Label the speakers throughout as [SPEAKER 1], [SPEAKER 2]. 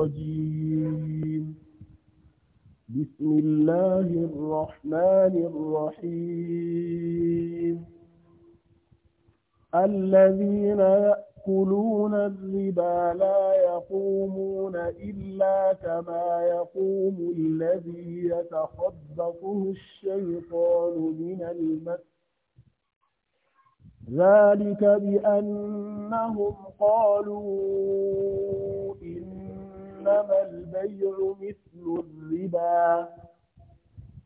[SPEAKER 1] الرجيم بسم الله الرحمن الرحيم الذين يأكلون الربا لا يقومون إلا كما يقوم الذي يتخبطه الشيطان من المس ذلك بأنهم قالوا إن إنما البيع مثل الربا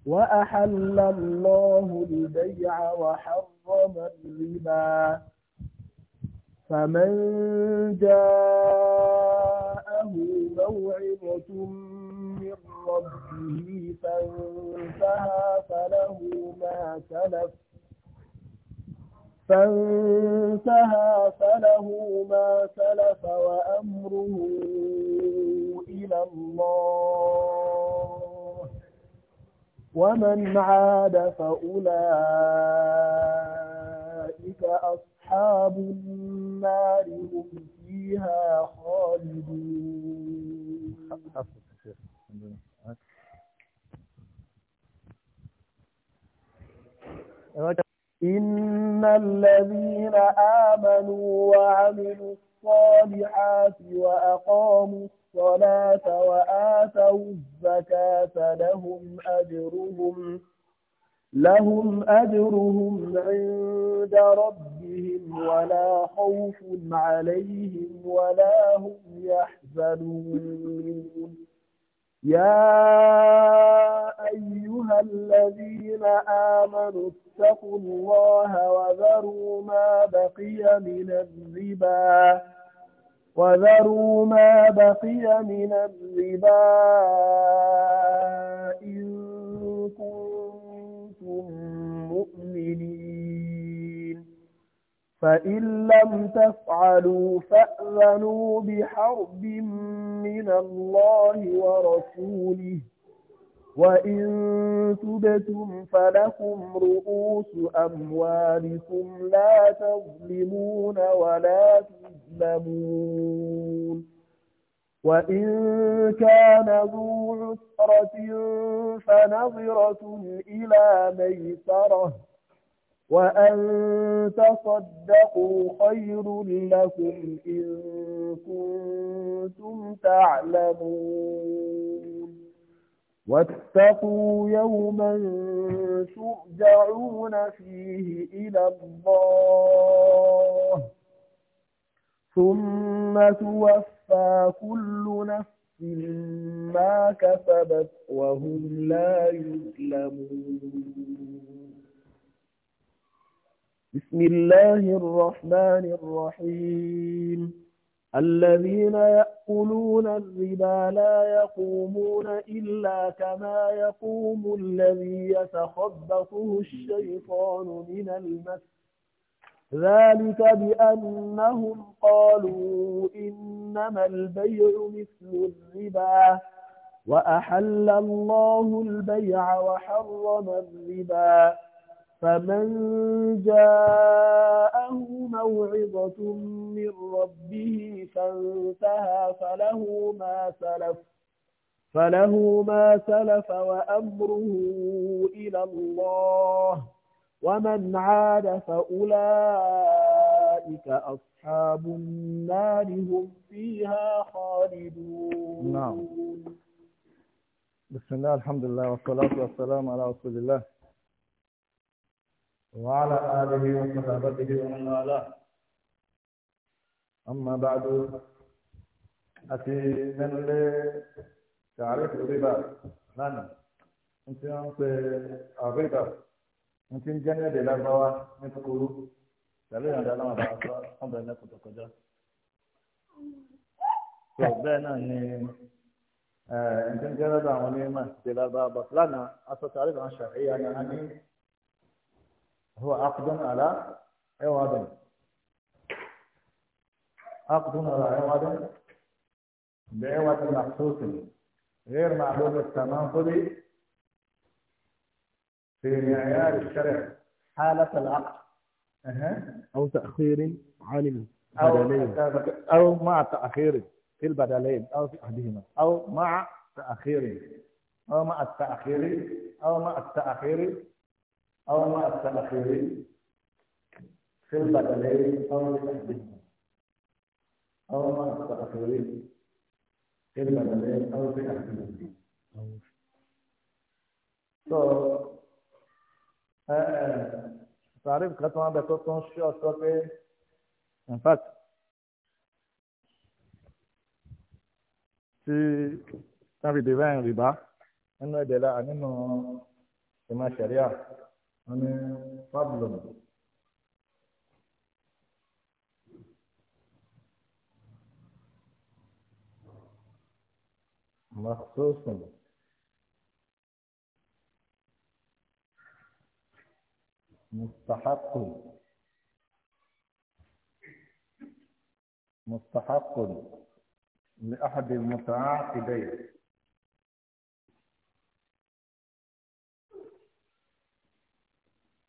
[SPEAKER 1] وأحل الله البيع وحرم الربا فمن جاءه موعظة من ربه فانتهى فله ما سلف فانتهى فله ما سلف وأمره إلى الله ومن عاد فأولئك أصحاب النار هم فيها خالدون إن الذين آمنوا وعملوا الصالحات وأقاموا الصلاة وآتوا الزكاة لهم أجرهم لهم أجرهم عند ربهم ولا خوف عليهم ولا هم يحزنون يا أيها الذين آمنوا اتقوا الله وذروا ما بقي من الربا وذروا ما بقي من الربا إن كنتم مؤمنين فإن لم تفعلوا فأذنوا بحرب من الله ورسوله وإن تبتم فلكم رؤوس أموالكم لا تظلمون ولا تظلمون وإن كان ذو عسرة فنظرة إلى ميسرة وأن تصدقوا خير لكم إن كنتم تعلمون واتقوا يوما ترجعون فيه إلى الله ثم توفى كل نفس ما كسبت وهم لا يظلمون بسم الله الرحمن الرحيم الذين يأكلون الربا لا يقومون إلا كما يقوم الذي يتخبطه الشيطان من المس ذلك بأنهم قالوا إنما البيع مثل الربا وأحل الله البيع وحرم الربا فمن جاءه موعظة من ربه فانتهى فله ما سلف فله ما سلف وأمره إلى الله ومن عاد فأولئك أصحاب النار هم فيها خالدون نعم
[SPEAKER 2] بسم الله الحمد لله والصلاة والسلام على رسول الله وعلى آله وصحابته ومن والاه أما بعد أتي من تعريف الربا لنا أنت أنت الربا أنت جنة للغوة نتقول tẹ̀lé ìrìn àdáná àbá هو عقد على عوض عقد على عوض بعوض مخصوص غير معلوم التناقض
[SPEAKER 1] في معيار الشرع
[SPEAKER 2] حالة العقد أه.
[SPEAKER 1] أو تأخير
[SPEAKER 2] عالم أو, أو مع تأخير في البدلين أو في أحدهما أو مع تأخير أو مع التأخير أو مع التأخير أو ما التأخير في البدلين أو لتحديثهم أو ما التأخير في البدلين أو لتحديثهم so تعريف قطعة بتوتون شو أصلاً in fact tí tábìlì báyìí rìbá nínú ẹ̀dẹ̀ lára nínú ìmọ̀ ṣẹ̀ríà أنا فضل مخصوص مستحق مستحق لأحد المتعاقدين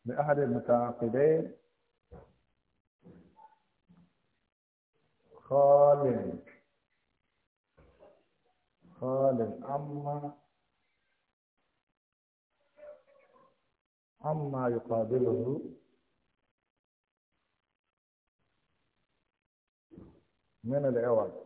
[SPEAKER 2] لأحد المتعاقدين خال خال عما عما يقابله من العوض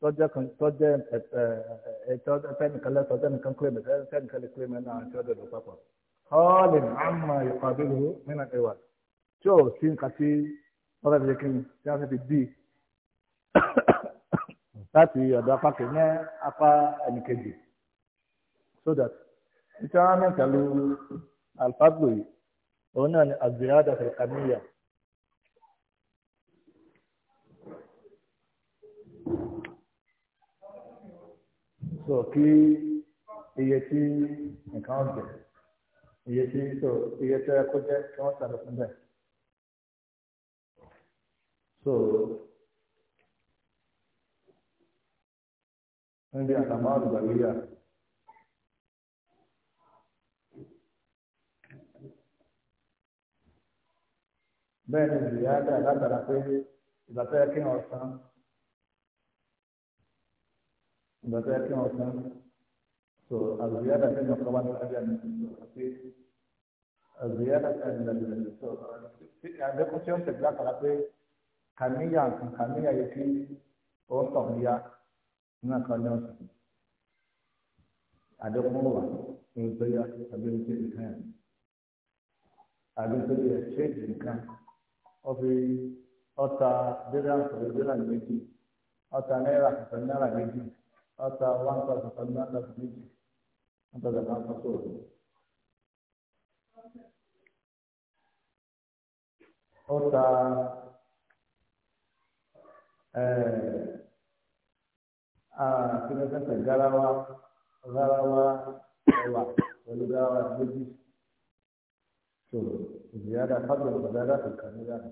[SPEAKER 2] tọ́jẹ́ kan tọ́jẹ́ ẹ̀ẹ́dẹ́gbẹ̀kan lẹ́sọ̀ tẹ́nìkan kílẹ̀mù tẹ́nìkan lè kílẹ̀mù náà àti ọ̀dọ̀ ìlú papọ̀. ọ́ọ̀lì àmà ìpàdéhù nínú ìwà tí ò sí nǹkan tí wọ́n fẹ́ fi kí ni tí wọ́n fẹ́ fi bí láti ọ̀dọ̀ apá kìí ní apá ẹnìkejì so that ìtàn mẹ́ta lu alfagbo yìí òun náà ni àgbèrè àdàfẹ́ kàmíyà so kí iye tí nǹkan ọ̀gbẹ̀ iye tí so iye tí ẹ̀kọ́ jẹ́ kí wọ́n sàlẹ̀ fún bẹ́ẹ̀ so níbi àtàmọ́ àgbà yíyà. bẹ́ẹ̀ ni ìyá dà látara pé ìgbà tó yẹ kí wọ́n san ìgbà tó yẹ kí wọn san so àzùyáda fẹẹ yàn kọba nípa ẹgbẹ àmì àti àzùyáda fẹẹ yàn lẹbi lẹbi so àdékùn tí ó ń tẹ̀lé àkàrà pé kàníyà kàníyà yẹ kí ó ń tọ̀hún ya ní àkàrà ní ọ̀sán àdékùn wà ní ìgbéyà àbí ní ìgbéyà nìkan yẹn àbí tó yẹ ṣéèjì nìkan ó fi ọta dẹ́rẹ́ àǹfààní dẹ́rẹ́ àǹfààní méjì ọta náírà àǹfààní náírà méjì hata one thousand five hundred and fifty one thousand one thousand ọta kìnnìkàtà garawa garawa ẹwà pẹ̀lú garawa méjì tó ìyáda fábíọ ìyáda kankan nígbà náà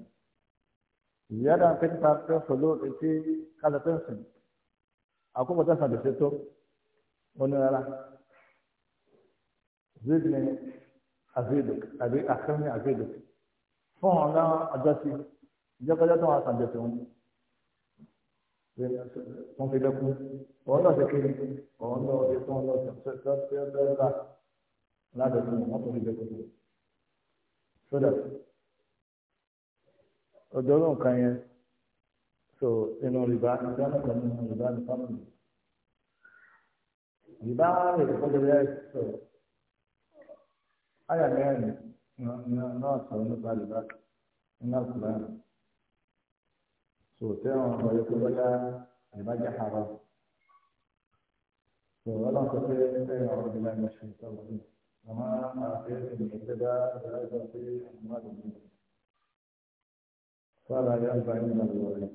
[SPEAKER 2] ìyáda kẹta fẹ́ fọlọ́ etí kálọ̀tẹ́sìn àkókò tó sàn gbèsè tó onírara zid ni aziduk àbí akẹ́mi ni aziduk fún ọ̀nà àjọsí ìjọkọjọ tó wà sàn gbèsè wọn wọn fi dẹkú wọn lọ sí kiri wọn lọ sí tó ń lọ sí tó tó tó tó ládùúgbò wọn tó fi dẹkú sódà ọjọ́ ló ń kan yẹn so inú rìbá rìbá náà kan nínú rìbá ní fámìlì rìbá rẹ̀ kọ́ lórí ẹ̀ sọ àyà mẹ́rin náà sọ̀rọ̀ nípa rìbá iná kùrá so tẹ́wọ̀n ọ̀rọ̀ yẹ kó bọ́lá rìbá jẹ́ haram so ọlọ́run sọ pé ẹ̀yìn ọ̀rọ̀ rìbá ní ṣe ìtọ́wọ́ ní àmọ́ àfihàn ìgbẹ́dá ìgbẹ́dá ìgbẹ́dá ìgbẹ́dá فلا يأبى إلا الله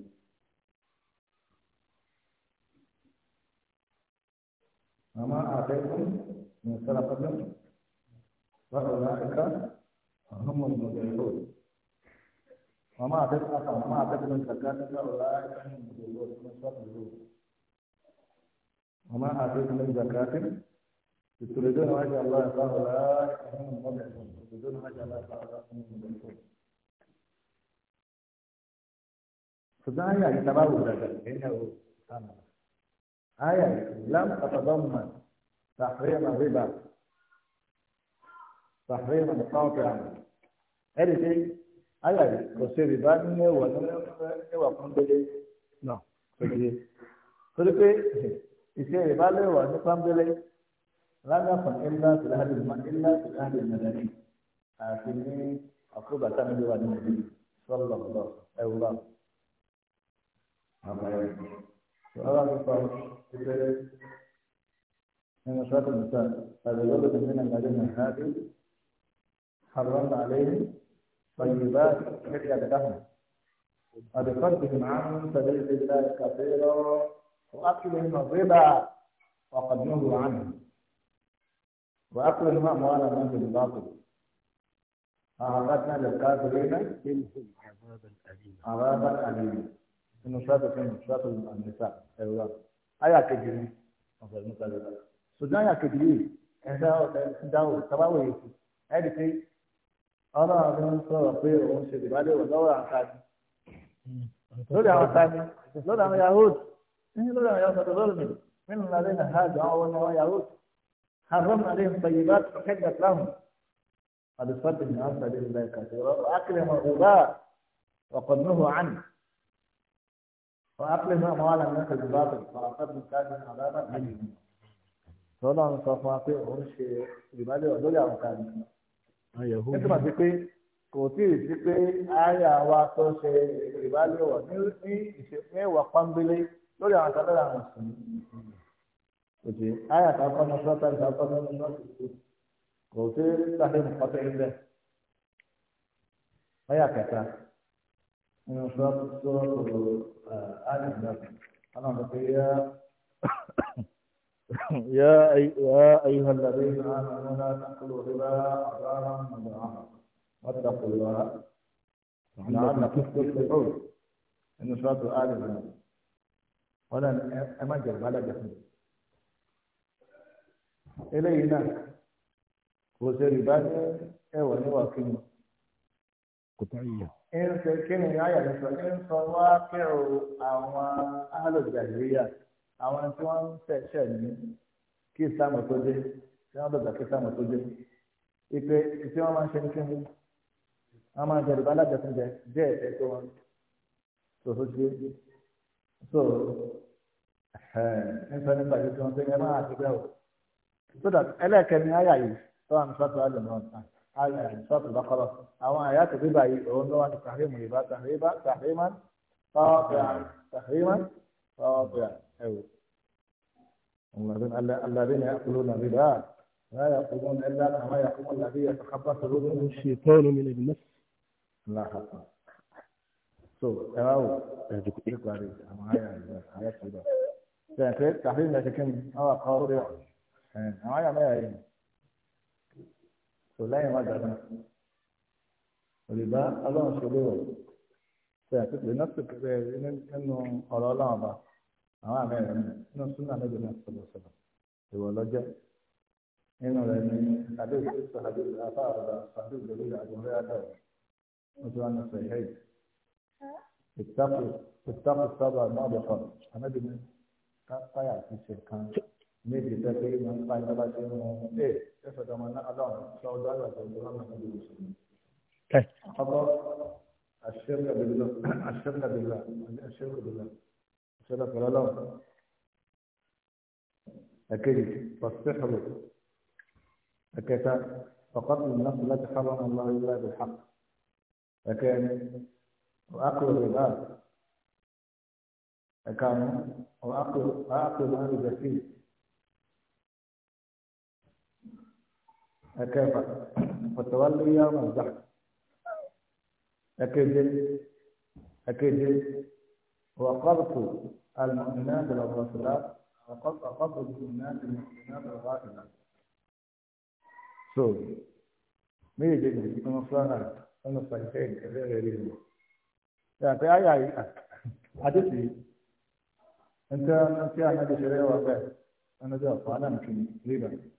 [SPEAKER 2] وما آتيتم من صدقة فأولئك هم المضيعون وما آتيتم وما آتيتم من زكاة فأولئك هم المضيعون وما آتيتم من زكاة تريدون وجه الله فأولئك هم المضيعون تريدون وجه الله فأولئك هم المضيعون فده يعني تباوز هذا إنه آمن riba, لم تتضمن تحريم الربا تحريما قاطعا ẹ̀rí pé aláàrí kò sí rìbá nínú ẹ̀wà níwà fún délé náà òjìye torí pé ìṣe rìbá lẹ́wà ní pàmbélé lánàfà ńlá tìláàdì ńlá tìláàdì nàdàní àti ní àkóbàtà níbi wà nínú ìlú sọlọ lọ ẹwúrọ àbáyọ. هذا الصالح من مشاق النساء هذا يولد من المدينة هذه حرمنا عليهم طيبات حلية لهم وبصدهم عن سبيل الله كثيرا وأكلهم الربا وقد نهوا عنه وأكلهم أموال الناس بالباطل أعرضنا للكافرين عذابا أليما عذابا أليما nínú sọ́ọ̀tù kẹ́yìn sọ́ọ̀tù nìsa ẹ̀rọ ayà kejì ni ọ̀sẹ̀ nípa ẹ̀rọ ṣùgbọ́n ayà kejì yìí ẹ̀dá ìdáwò sábàwò yìí ẹ̀dì pé ọlọ́run ló ń sọ̀rọ̀ pé òun ṣe ìbálẹ̀ wọ̀ lọ́wọ́ àǹtàní lórí àwọn àǹtàní lórí àwọn yahood ní lórí àwọn yahood lórí mi nínú nàlẹ́ nà ha jọ àwọn ọmọ yahood haram nàlẹ́ nfẹ̀yẹ̀ bá kẹ́gbẹ̀ láwùn àdìsọ́tì ní àwọn sàlẹ̀ ìlẹ̀ kàṣẹ́ rọ́ وأقلم أموال الناس بالباطل فأصاب من كان عذابا أليما tọ́lá ń sọ fún wa pé òun ṣe ìbálẹ̀ lórí àwọn kan ní. nítorí àti pé kò tí ì sí pé àyà wa tó ṣe ìbálẹ̀ wọ̀ ní ìwà pọ́nbélé lórí àwọn kan lórí àwọn sùn. òtí àyà kan kọ́ ní sọ́tà ní sọ́tà ní sọ́tà kò tí ì sàfihàn kọ́tẹ́ ń bẹ̀. àyà kẹta. من سورة سورة آه، آل عمران أنا بقي
[SPEAKER 1] يا أيها الذين
[SPEAKER 2] آمنوا لا تأكلوا الربا أضرارا مضاعفا واتقوا الله لعلكم تفلحون إن سورة آل عمران ولا أمجر ولا جسم إلينا وزير ربا إيوه إيوه كلمة قطعية إن كان آية إن واقع أو أهل الجاهلية أو أن تكون سيشن كيسا متوجه سيما بدأ كيسا متوجه ipe ìfẹ́ wọn máa ń ṣe ní kíni wọn máa ń jẹ ìbálẹ̀ àjẹsíjẹ jẹ́ ẹ̀fẹ́ tó wọn tó tó ṣe so ń sọ nípa ìdí tí wọn ṣe ń yẹ máa àti bẹ́ẹ̀ o so that ẹlẹ́ẹ̀kẹ́ ni àyà yìí tó wà ní sọ́tò àlùmọ́ọ̀tà آية سورة البقرة أو آيات الربا يقولون أن تحريم الربا تحريما تحريما قاطعا تحريما قاطعا أيوه الذين الذين يأكلون الربا لا يقومون إلا كما يقوم الذي يتخبطه منه الشيطان من المس لا حقا so ẹ̀ráwò ẹ̀dùkú ìgbà rẹ̀ àwọn àyà ìgbà àyà ìgbà tẹ̀sẹ̀ tàbí ìrìnàjò kí ni àwọn àkọ́ rẹ̀ àwọn àyà mẹ́rin kò láyé má dàgbà òrìbá ọlọ́run ṣe lérò ṣe àtúntò iná tó kẹfẹ nínú ọ̀rọ̀ ọlọ́run ọba àwọn àmì rẹ̀ nínú súnà méjì náà sọ̀rọ̀ sọ̀rọ̀ ìwọ lọ́jọ́ nínú rẹ̀ ní àdéhùn tó àdéhùn afá ọ̀dà àdéhùn lórí àgbọ̀nrẹ́ àdàwọ̀ wọ́n ti wá ní sọ̀rọ̀ ẹ̀yìn ìtàkùn sábà náà lọ́kọ̀ àmẹ́bí ní káyà àti ṣe kan méjì tẹ́ pé máa ń pa iná bá ti mú un ẹ̀ ẹ̀fọ́ tó máa ná ọlọ́run sọ ọdún àgbà tó ń bọ́ lọ́nà níbi ìṣòro. ọkọ àṣẹ́kàbílà àṣẹ́kàbílà àṣẹ́kàbílà àṣẹ́kàbílà ọlọ́run ẹ̀kejì pọ̀sítẹ́kàbọ̀ ẹ̀kẹta فقتل النفس التي حرم الله الا بالحق فكان
[SPEAKER 1] واكل الربا
[SPEAKER 2] فكان واكل فكيف فتولوا يوم الزحف أكيد أكيد وقبض المؤمنات والرسولات وقبض قبض المؤمنات المؤمنات الغائبات سوري مين جديد من الصلاة من الصيحين كذا غيرهم يعني في أي أي حدثي أنت أنت يا نبي شريعة وبيت أنا جاء فأنا ممكن ا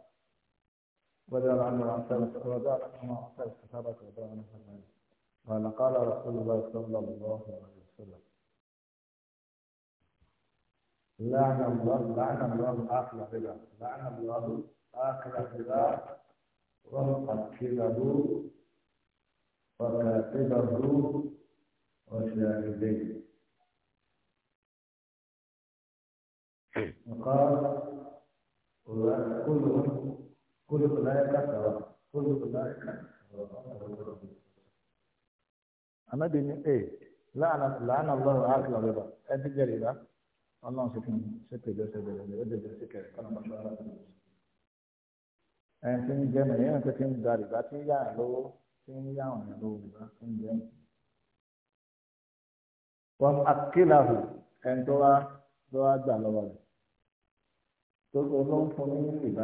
[SPEAKER 2] وذهب عنا وعساب وذهب عنا وعساب الصحابة رضي قال قال رسول الله صلى الله عليه وسلم لعن الله لعن الله آكل الربا لعن الله آكل الربا ومقتله وكاتبه وشاهديه وقال وكلهم كل أولئك سواء كل أولئك سواء أنا بين إيه لعن لعن الله عاقل الربا أنت جريبة الله سكن سكت جسد جسد سكت ما شاء الله ẹn tí ń jẹ mẹ́rin ẹn tó ti ń da rìbá tí ń yá ẹ lówó tí ń yá ọ̀yàn lówó rìbá tó wá gbà lọ́wọ́ rẹ̀ tó ló ń fún ní rìbá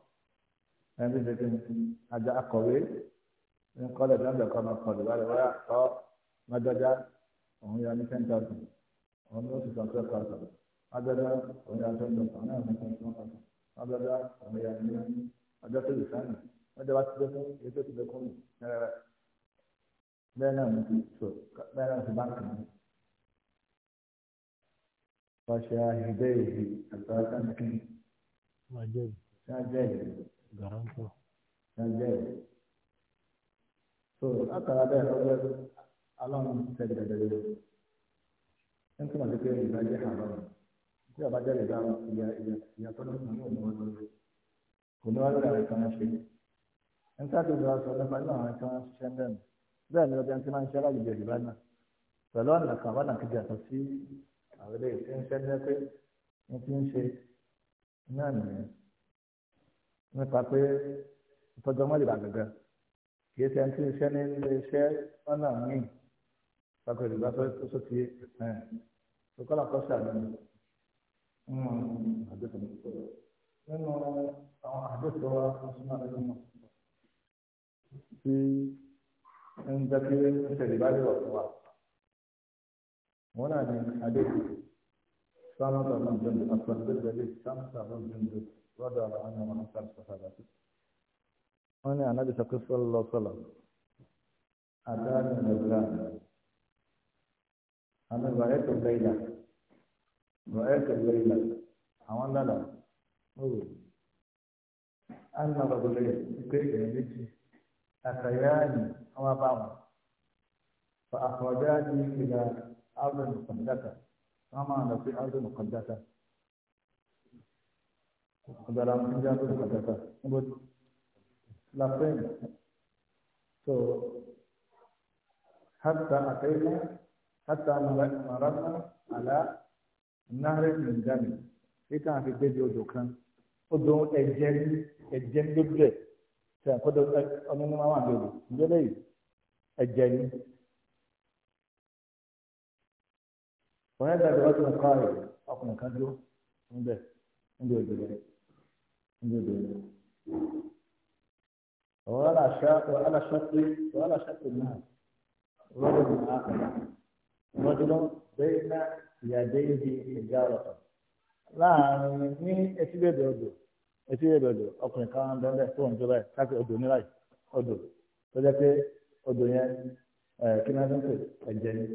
[SPEAKER 2] ẹni tó ti ajá akọ̀wé ní kọ́lẹ̀ tó ń bẹ̀ kọ́ ọmọ kọ̀lẹ̀ wá lè wá kọ́ májọ́já òun yọ ní ten thousand òun ló sì sọ twelve thousand májọ́já òun yọ ten thousand náà ní ten thousand májọ́já òun yọ ní ọjọ́ tó lè sáyìn ọjọ́ bá ti dé fún èyí tó ti dé fún mi rẹ́rẹ́ bẹ́ẹ̀ náà mo ti tò bẹ́ẹ̀ náà ti báńkì mi. Wọ́n ṣe àhìdẹ́ ìdí àgbà sáńkì. Wọ́n jẹ́ ìdí garanto ẹgbẹ́ so látara bẹ́ẹ̀ lọ́gbẹ́ aláwọn tẹ̀gbẹ̀rẹ̀ ẹ̀ ń túmọ̀ sí pé ìdájẹ́ àárọ̀ tí àbájá lè dáhùn ìyá ìyá ìyá tó ní ìlú òní wọn lórí kò ní wọn lórí àwọn ìtàn ṣe ń sáàtì ìlú aṣọ nípa nínú àwọn ìtàn ṣiṣẹ́ ń bẹ̀rù bẹ́ẹ̀ ni ọjà tí máa ń ṣe alájùjẹ ìlú náà pẹ̀lú ọ̀nà kan wọ́n nà sí àwọn ilé ìṣẹ́ ń ṣẹ́ ń ṣẹ́ pé ń ti ń ṣe náà nìyẹn nípa pé ìtọ́jú ọmọ ìdìbò àgàgà kì í ṣe ẹni tí iṣẹ́ ní ilé iṣẹ́ lọ́nà míì pàtó ìdìbò àtọ́ tó sọ ti ẹ̀ tó kọ́ làkọ́ ṣàlùmí nínú àdéhùn nínú àwọn àdéhùn wa ọ̀ṣunmọ́ àdéhùn náà tí ń jẹ́ kí ìṣẹ̀lẹ̀ bá lè rọ̀ fún wa wọn náà ní àdéhùn sáwọn ọ̀dọ́ náà jẹ́ ní àtúntò ìgbẹ́lẹ̀ sáwọn ọ̀dọ́ náà jẹ́ ní lọ́dọ̀ àlọ́ àwọn ọmọ náà sọ̀rọ̀ wọ́n ní ànábì sọ pé sọ́lọ́ sọ́lọ́ àdáni lọ́gbà àmì rọ̀ẹ́tò lẹ́yìnà rọ̀ẹ́tò lẹ́yìnà àwọn dàdà ọ̀rọ̀ àná rọ̀gbọ̀lẹ̀ pé èyí méjì àtàyáàni àwọn abáwọn fa àfọ̀dáàni ìlà ábùdùn kọ̀dáta wọ́n máa lọ sí ábùdùn kọ̀dáta ọ̀dàlà ń fúnjà lórí pàtàkì níbo la fẹ́ẹ̀mù so hàtà àtẹ́yìnà hàtà màrànà àlà náírà nìjàmì kíkà àfi débi odò kan odò ẹ̀jẹ̀ ẹ̀jẹ̀ ń dóbi rẹ̀ ṣe àkọ́dọ̀ ọmọ ní máa wà lórí ìjọba yìí ẹ̀jẹ̀ ni. wọ́n yẹ́ dàgbà wọ́n ti ń kọ́ ààrẹ ọkùnrin kan dúró جدا ولا شرط ولا شرط ولا شرط الناس رجل آخر رجل بين يديه حجارة لا ní etí odò etí odò ọkùnrin kan bẹ́ẹ̀ tó ń jọba ẹ̀ káàkiri odò ní láì odò tó jẹ́ pé odò yẹn kí náà ń ẹ̀jẹ̀ ni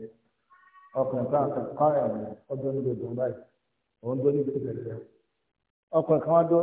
[SPEAKER 2] ọkùnrin kan kọ́ ẹ̀rọ ní odò báyìí òun tó ní ọkùnrin kan wá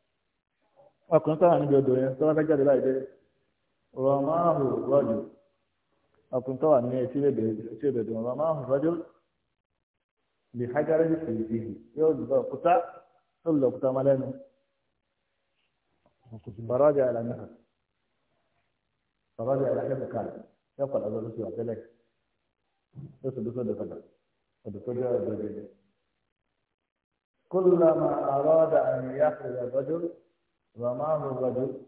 [SPEAKER 2] ọkùnrin tó wà níbi odò yẹn tó bá fẹ́ jáde láì dé rọmáhù rọjò ọkùnrin tó wà ní etí ìbẹ̀dọ̀ rọmáhù rọjò lè hájára ní fèrèsìlì yóò lọ òkúta tó lọ òkúta má lẹ́nu bàrọ́jà ìlànà bàrọ́jà ìlànà kẹ́kọ̀ọ́ yóò padà lọ lóṣù àtẹ́lẹ̀ lóṣù lóṣù dọ̀kadà ọ̀dọ̀ tó jẹ́ ọ̀dọ̀ jẹjẹ. كلما أراد أن يخرج الرجل رماه الرجل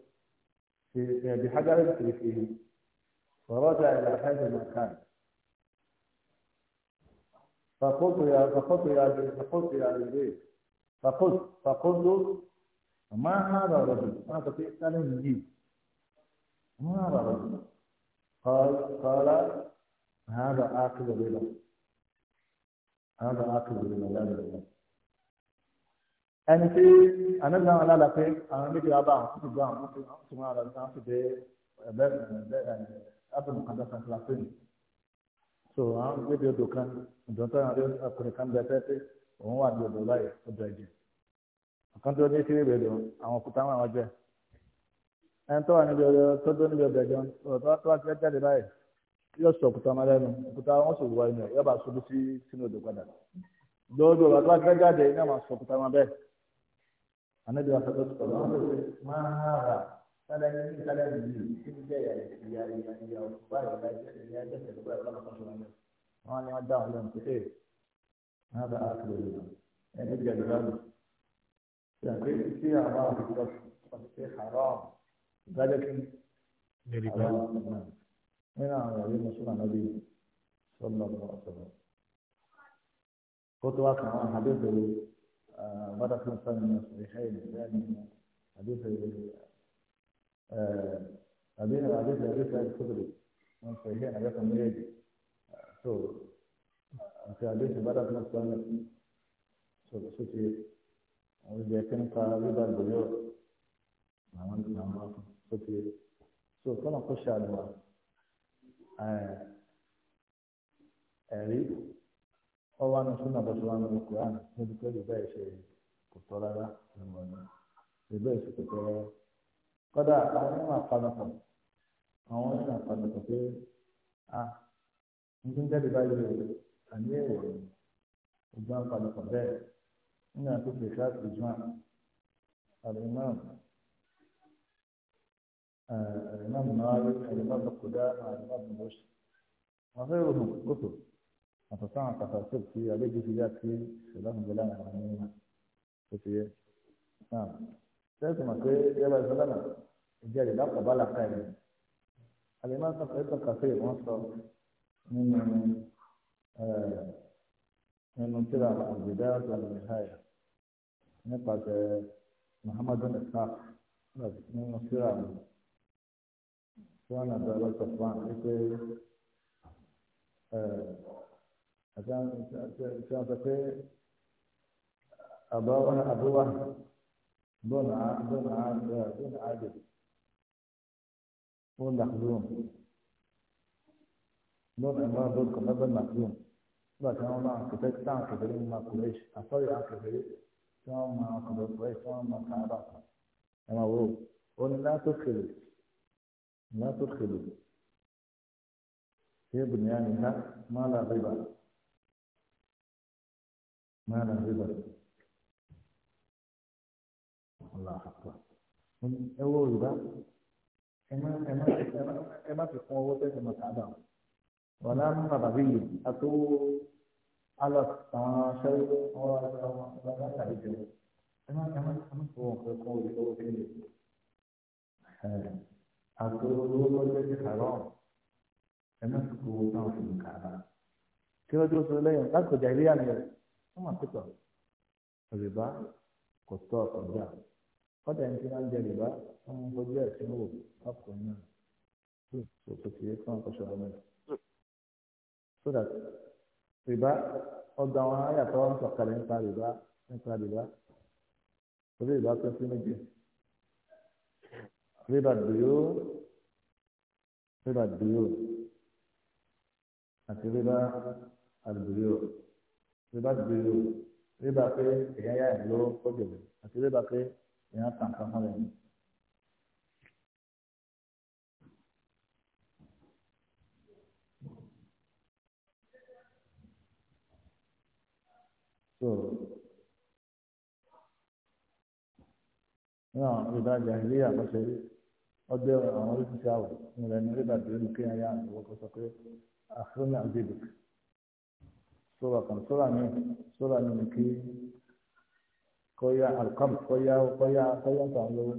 [SPEAKER 2] في بحجر في فيه ورجع إلى حيث ما كان فقلت يا فقلت يا فقلت يا جبريل فقلت فقلت ما هذا الرجل؟ ما تطيع كلام جديد ما هذا الرجل؟ قال قال هذا اخذ ربا هذا اخذ ربا لا ẹni tí ànábì náà lára pé àwọn méjì wá bá àwọn tó ti gbọ́ àwọn tó ti máa lọ sí àwọn tó dé ẹ̀bẹ́ ẹ̀bẹ́ àtọ̀nù kan dọ́kan so àwọn méjì odò kan ìdùn tó yàn ọkùnrin kan bẹ fẹ́ pé òun wà ní odò láyé odò ẹ̀jẹ̀ ọ̀kan tó ní kiri ìbèdò àwọn òkúta wọn àwọn jẹ ẹni tó wà níbi ọdọ tó dó níbi ọdọ ẹjọ ọ̀rọ̀ tó wá ti fẹ́ jáde báyìí yóò sọ òkúta máa lẹ́nu òkúta wọn sì wọ ẹnu ẹ̀ yóò bá ṣubú sọ النبي صلى الله عليه وسلم ما هذا فلا يمين فلا يمين إن جاء يا يا يا وبارك يا جسد وبارك الله خشوا عنه وأنا ما دام لهم كثير هذا آخر اليوم يعني يبقى الغد يعني في أعراض الكسر في حرام ذلك حرام هنا يقول رسول النبي صلى الله عليه وسلم قلت واقعا حديث ورد في مسلم من الصحيحين يعني حديث أبي الحديث حديث الخدري من الصحيحين حديث ميجي شو في حديث ورد في مسلم شو شو شيء وإذا كان قال ربا البيوع ما عملت ما عملت شو شيء كنا قش على الواقع ọwọ́ àna súnà bọ́sọ̀ wà nínú Kùránì níbi pé ìbẹ́ ìṣe kò tọ́ rárá ìmọ̀ ni ìbẹ́ ìṣe kò tọ́ rárá kódà àwọn onímọ̀ àpanupọ̀ àwọn onímọ̀ àpanupọ̀ pé a nígbà jáde báyìí o àní èèwọ̀ ni ìgbà àpanupọ̀ bẹ́ẹ̀ nínú àtúntò ìṣáàtì ìjọ àlùmọ́ọ̀mù àlùmọ́ọ̀mù náà na kò dá àlùmọ́ọ̀mù lọ́sùn wọ́n yàtọ̀ sáwọn tàfàṣẹ́ tí àlejò fi yá sí ṣùgbọ́n ìgbẹ́ lánàá àwọn ọmọ náà tó ti yẹ. sẹ́ẹ̀sì mọ̀ pé yẹ́bà ìsọlọ́nà ìjẹ́ ìdá kọ̀ bá làkà ẹ̀ àlèmọ́ sọ̀kọ̀ ẹ̀sọ̀ kàfé wọ́n sọ nínú nínú tíra àgbèdá ọ̀gbìn ìháyà nípasẹ̀ muhammadu nìkan nínú tíra tí wọ́n nà bẹ̀rẹ̀ lọ́sọ̀ fún wa wípé عشان عشان تقي أبوه أبوه بن ع بن ع بن عبد بن مخزوم بن ما بن كم بن مخزوم ما كان ما كتير تان كتير ما كويش أصلي عن كتير كان ما كتير كويش كان ما كان بقى أما هو قلنا لا تدخل لا تدخل في بنيانها ما لا غيبه مال الربا الله أكبر ẹwọ rìbá ẹ má fi kún owó tẹsán máa sábà wọn náà mú bàbá bíi àtó alọ àwọn aṣẹ́wó ọwọ́ àwọn ọlọ́dún tàbí jẹ́ ẹ má ẹ má ẹ má fọwọ́ kún owó owó tẹ̀lé àtó owó lọ́jọ́ ti kàrọ̀ ẹ má fi kún owó náà fi kàrà kí lọ́jọ́ sọ lẹ́yìn láti ilé àná rẹ̀ wọ́n mà pẹ́tọ̀ rìbá kò tọ́ ọ̀dà kọ́dà ẹni tí wọ́n ń jẹ rìbá wọ́n ń fojú ẹ̀ sínú wò ọkùnrin náà tó tó ti yé fún ọ̀ṣọ́ ọmọ rẹ̀ so that rìbá ọ̀dọ̀ àwọn ayàtọ̀ wọn sọ̀kalẹ̀ nípa rìbá nípa rìbá orí rìbá pín sí méjì rìbá dùyó rìbá dùyó àti rìbá àdùyó rìbá gbèrò rìbá pé èèyàn yá ìlú kọjọ rẹ àti rìbá pé èèyàn tàn kan fún rẹ ni. so náà rìbá jàhílíyà àkọsẹ rí ọdẹ àwọn oríṣiríṣi àwọ ìrìn rẹ ní rìbá gbèrò kéèyàn yá ìlú kọsọ pé àfúnà àgbègbè sóra kan sóra mi sóra mi ni kí kọ́yá alkam kọ́yá kọ́yá kọ́yá tó àwọn lówó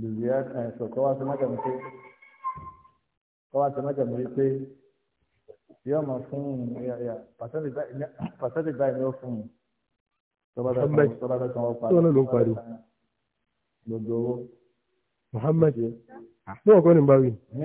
[SPEAKER 2] lùzíà ẹ̀sọ̀ kọ́wá sí májàmú pé kọ́wá sí májàmú yìí pé yóò máa fún un pàṣẹ́lì báyìí ni ó fún un tọ́ba bẹ́ẹ̀ kan wọ́n parí. tọ́ba ló ń parí. gbogbo owó. Muhammad. ní ọkọ ni n bá wí. ní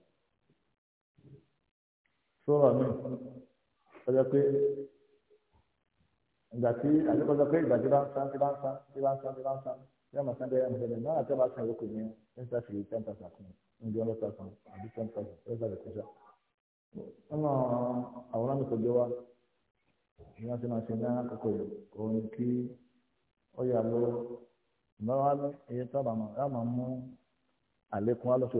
[SPEAKER 2] sọ̀rọ̀ mi ọjọ́ pé ìgbà tí àdékọ́jọ́ pé ìgbà tí bá ń san tí bá ń san tí bá ń san tí bá ń san tí wọ́n máa san bẹ́ẹ̀ ẹ̀mọ́tẹ́lẹ̀ náà àti ọba san ìrókò yẹn ní sáfì ten thousand kún níbi one thousand àbí ten thousand ten thousand kọjá. nínú àwòrán mi kò jọ wa ni wọ́n ti máa ṣe ní àkókò yìí kò ní kí ó yà lọ ìmọ̀ràn wa ní tó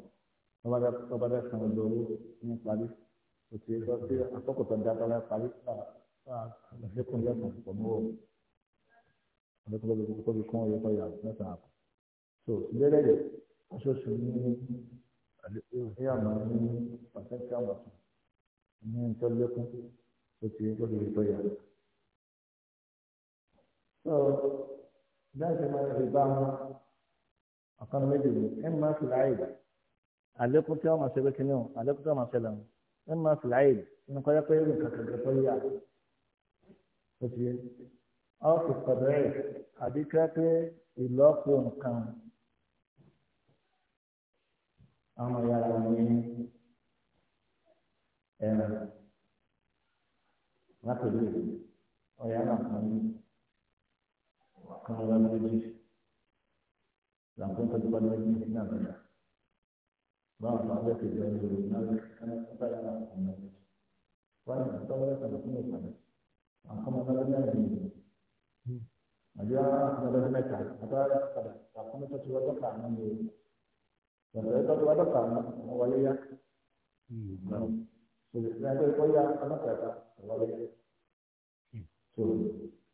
[SPEAKER 2] tó bá fẹ́ san odò owó ní parí kò tí ì sọ sí àkókò tó dá tọ́lá parí lọ́sẹ̀kùn lẹ́sàn pọ̀ mọ́ òun lọ́sẹ̀kùn tó fi kún oyè tó yà lẹ́sàn àpò. so ìbéèrè rẹ̀ aṣoṣù ní ìyàmà ní pàṣẹ́ntì àmọ̀tún ní ìtọ́lẹ́kùn tó ti ì tó fi tó yà. so dáhùn sí máa ń rí bá wọn ọ̀kan méjì ní ẹ̀ máa fi láàyè dáa àlékún tí wọ́n máa ṣe pé kí ni o àlékún tí wọ́n máa ṣe lẹ́nu ẹ̀ máa fi láàyè nínú kọjá pé irun kankan kan tó yà ó ti yẹ ọ́ fi pẹ̀lú ẹ̀ àbí kí wọ́n pé ìlọ́po nǹkan àwọn ìyá rẹ̀ ní ẹ̀rọ látòlú ọ̀yá náà kan ní kan lọ́dún méjì làǹkó ń tọ́jú bá lọ́dún méjì náà lọ́dún. بعض الأعضاء في الجوانب والمنازل أنا أستطيع أن أحكم ذلك وأنا أستطيع أن أكون مصنف أحكم هذا لا يمكن أجاء أحمد بن مكة أتى يقتل فأحكم تتوقع من تتوقع وليا لا تقول يا أمك وليا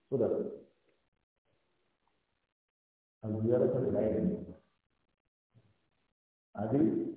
[SPEAKER 2] صدق الزيارة العلمية هذه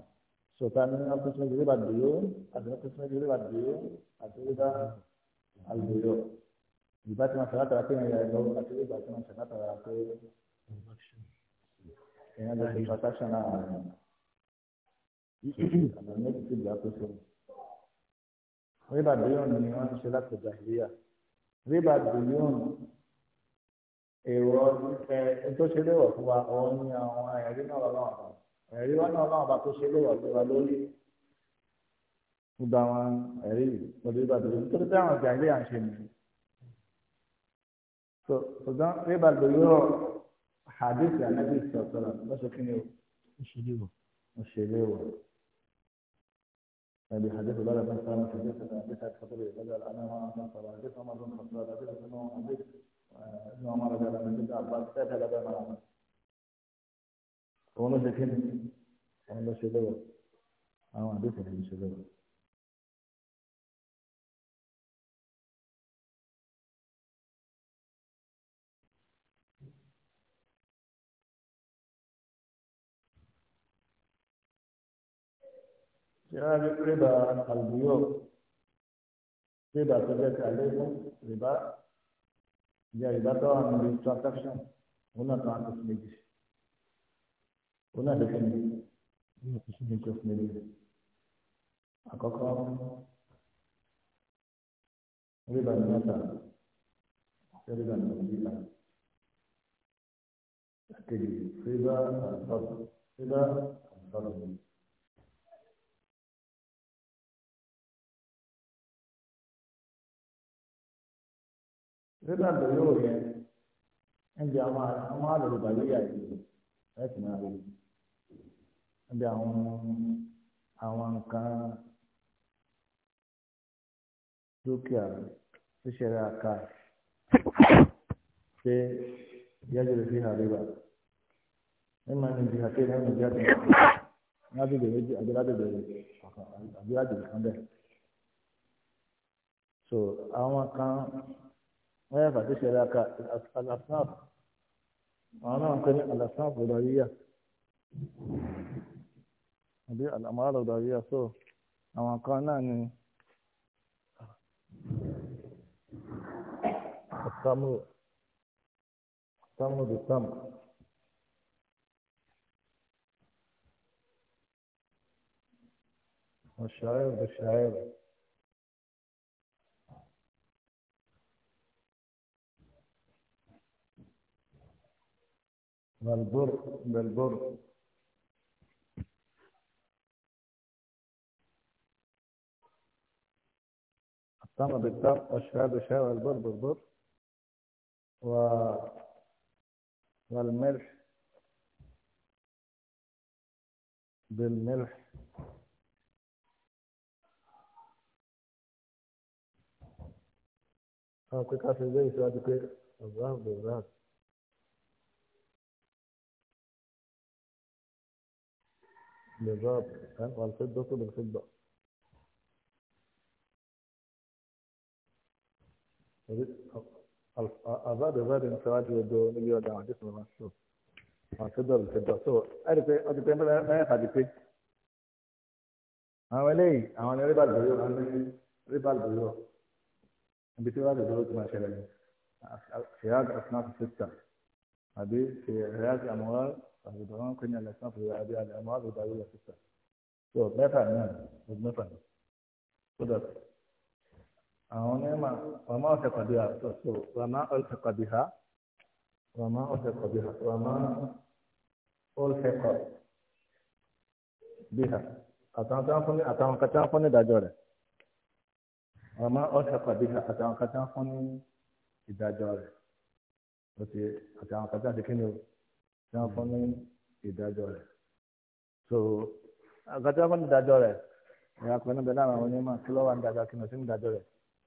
[SPEAKER 2] sultanin alkusun riba biyu a sulkusun riba biyu a riba albiyo riba ta masu rata rafi ya yau a riba ta masu rata rafi yana da transaction a amma ne ki da kusa riba biyu ne wani shi lati jahiliya riba biyu èrò ẹ tó ṣe léwọ̀ fún wa òun ni àwọn ẹ̀rí wọn náà náà bá tó ṣe léwà lé wa lórí gbogbo àwọn ẹ̀rí lórí ìbàdàn lórí torí pé àwọn ọ̀gá ilé à ń ṣe nìyí. ṣùgbọ́n rébà lórí ọ̀rọ̀ hadith anabi sọ̀tọ̀rọ̀ lọ́sọ̀ kí ni o. ó ṣe léwà. ó ṣe léwà. يعني حديث بلد بن سلام حديث حديث الخطيب بلد الأمام عن صلى حديث عمر بن الخطاب حديث ابن عمر حديث ابن عمر رضي الله عنه عباس كتب بن عمر òun ló ṣe kí ni òun ló ṣe lọ́wọ́ àwọn àdéhùn ló ṣe lọ́wọ́. شهادة ربا òun náà ló fẹ́ mi ní ìṣiṣẹ́ mi tó fún mi lé àkọ́kọ́ rírà ní mẹ́ta rírà ní na àkejì rírà àtọ́jú rírà àtọ́jú. rírà ń àwọn àlùbáyé àìsàn máa rí i. níbi àwọn àwọn nǹkan dúkìá tó ṣẹlẹ̀ àká ṣe yájọ́rò sí àríwá nígbà ní ìdíjà pé lẹ́nu ìdíjà tó ń lábẹ́bẹ̀ méjì àbí so àwọn kan wọ́n yàtọ̀ tó ṣẹlẹ̀ àká àlàsáàbù àwọn náà ń pè ní هذه الأمارة دارية سو أما قانا التامو التامو دي تام الشاعر دي شاعر صمى بالتر والشهادة شاء والبر بالبر و... والملح بالملح أو كيف أصل زي سؤال كيك الظهر بالظهر بالظهر والفضة بالفضة azad azad ń tẹwájú odò níbi ọ̀dà àwọn àdéhùn máa ń sọ àti dọ̀rọ̀ ti dọ̀ so ẹni pé ọdún pé mẹ́rin tàbí pé àwọn eléyìí àwọn ní rìbá lòyò àwọn ní rìbá lòyò ibi tí rìbá lòyò ti máa ṣẹlẹ̀ ní ṣìyàg asnaf sita àbí ṣìyàg àmọ́wá àbùdá wọn kò ní alẹ́ asnaf sita àbí àmọ́wá àbùdá yóò sita so mẹ́fà náà mẹ́fà náà so that àwọn onímọ̀ wàmá ọ̀sẹ̀ kọ̀bí ha sọ̀tọ̀ wàmá ọ̀sẹ̀ kọ̀bí ha wàmá ọ̀sẹ̀ kọ̀bí ha wàmá ọ̀sẹ̀ kọ̀bí ha àtàwọn kan fún ní àtàwọn kan tán fún ní ìdájọ́ rẹ̀ wàmá ọ̀sẹ̀ kọ̀bí ha àtàwọn kan tán fún ní ìdájọ́ rẹ̀ ó ti àtàwọn kan tán ti kí ni o tán fún ní ìdájọ́ rẹ̀ so àkàtà fún ní ìdájọ́ rẹ̀ ìyá pẹ̀lú bẹ́ẹ̀ láwọn onímọ̀ kí ló wà ní ìdájọ́ kí ni o sí ní ìdájọ́ rẹ̀.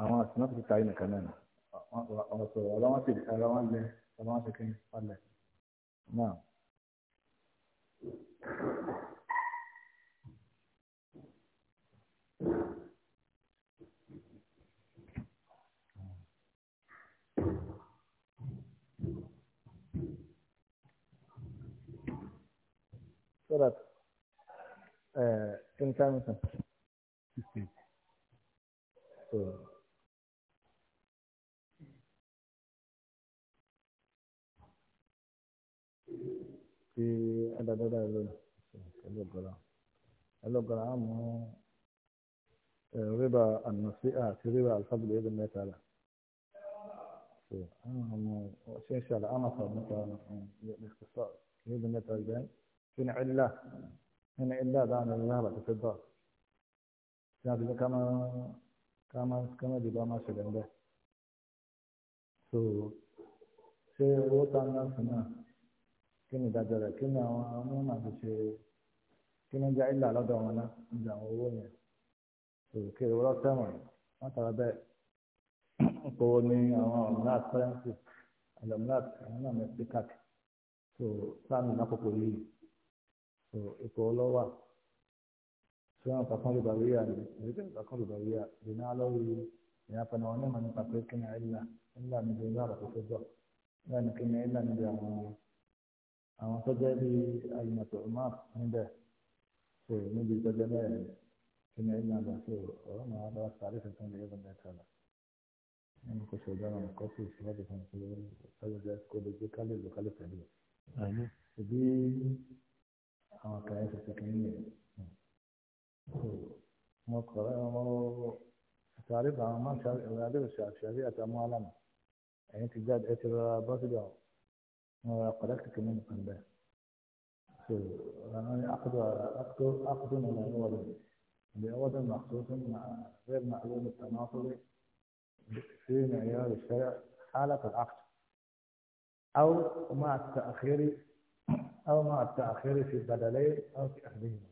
[SPEAKER 2] àwọn àtúnná ti ta ìnìkan náà àwọn sọ̀rọ̀ ọlọ́wọ́n ti ọlọ́wọ́n lẹ ọlọ́wọ́n ti kí wọ́n lẹ. náà. so that uh, in time, so tí adadada lo lónìí pẹ̀lú ọ̀gọ́ra pẹ̀lú ọ̀gọ́ra á mú rírà ànàsí àti ibn alifábìlì ẹ̀dẹ̀ mẹ́ta rà so á mú ṣe ń ṣàlẹ̀ á máa sọ̀rọ̀ nípa ìṣòṣọ́ ẹ̀dẹ̀ mẹ́ta rẹ̀ kí ni illa kí ni ẹ̀là dáhùn ní ìlànà àti fẹ́bọ̀ tí da ti ní kámá kámá kámá dìbò á máa ṣẹlẹ̀ ń bẹ̀ so di ba ma sele n da ná ta a na si kí ni ìdájọ́ rẹ̀ kí ni àwọn onímọ̀ ti ṣe kí ni jẹ́ ìlà lọ́dọ̀ wọn náà níbi àwọn owó yẹn òkè ìwúrọ̀ tẹ̀wọ̀n wọ́n tara bẹ́ẹ̀ kó ní àwọn ọ̀mùnà kọ́rẹ́ǹsì àlọ́mùnà àwọn náà mẹ́sì káàkiri so sáàmì lákòókò yìí so ipò ọlọ́wà tí wọ́n kà kán lè bàwí yà èyí tí wọ́n kà kán lè bàwí yà ìná lọ́wọ́ yìí ìyá fana wọn ní nípa pé kí ni ìlà níbi ìlà àbàkù tó bọ̀ náà ni kí ni níbi àwọn àwọn tọ́jọ́ bí àyìnbó umar níbẹ̀ ṣe níbi tọ́jọ́ bẹ́ẹ̀ kí ni ẹ̀yìn àgbà ṣe ọ̀rọ̀ máa bá sáré tuntun lè yẹ́bùn mẹ́ta lọ. ẹni kò ṣe ọ̀daràn nǹkan tó ìṣèwádìí kan tó tọ́jọ́ jẹ́ kó lè gbé kálẹ̀ lò kálẹ̀ pẹ̀lú. ṣùgbí àwọn kàyẹ́ ṣe tuntun ní ìlú. mo kọ̀ ẹ́ mo sáré bá àwọn máa ṣàrí àtàwọn alàmì ẹ̀yìn ti jáde ẹ ti rọra bọ́ sílẹ̀ ọ̀hún. وقللت كمان القنبله طيب، أنا اخذ أقدر أقدر من عوض بعوض مخصوص مع غير معلوم التناقض في معيار الشرع حالة العقد أو مع التأخير أو مع التأخير في بدلين أو في أحدهما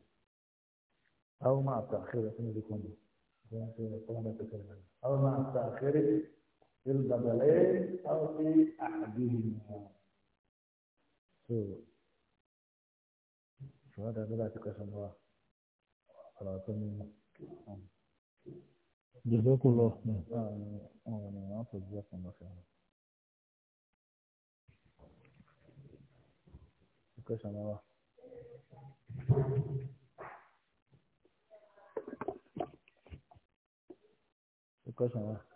[SPEAKER 2] أو مع التأخير في يكون أو مع التأخير في البدلين أو في أحدهما so so that is the question for ọ̀rọ̀ tó ní um, jẹ́sẹ́kù lọ ọ̀rọ̀ ni wọ́n fò jẹ́sẹ́kù lọ fẹ́ràn. question mẹ́wàá. question mẹ́wàá.